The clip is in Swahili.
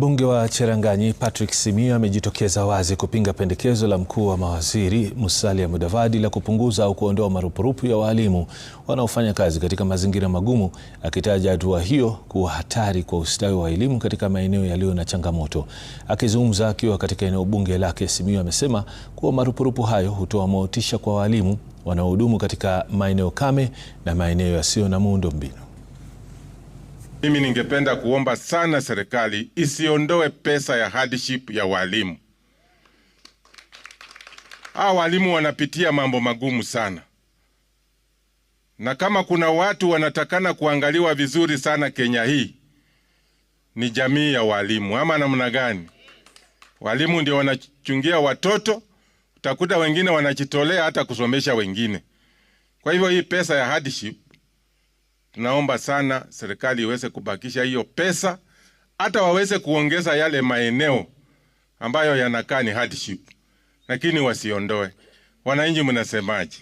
Mbunge wa Cheranganyi Patrick Simiyu amejitokeza wazi kupinga pendekezo la mkuu wa mawaziri Musalia Mudavadi la kupunguza au kuondoa marupurupu ya walimu wanaofanya kazi katika mazingira magumu, akitaja hatua hiyo kuwa hatari kwa ustawi wa elimu katika maeneo yaliyo na changamoto. Akizungumza akiwa katika eneo bunge lake, Simiyu amesema kuwa marupurupu hayo hutoa motisha kwa walimu wanaohudumu katika maeneo kame na maeneo yasiyo na muundo mbinu. Mimi ningependa kuomba sana serikali isiondoe pesa ya hardship ya walimu. Hawa walimu wanapitia mambo magumu sana, na kama kuna watu wanatakana kuangaliwa vizuri sana Kenya hii ni jamii ya walimu, ama namna gani? Walimu ndio wanachungia watoto, utakuta wengine wanajitolea hata kusomesha wengine. Kwa hivyo hii pesa ya hardship Tunaomba sana serikali iweze kubakisha hiyo pesa, hata waweze kuongeza yale maeneo ambayo yanakaa ni hardship, lakini wasiondoe. Wananchi mnasemaje?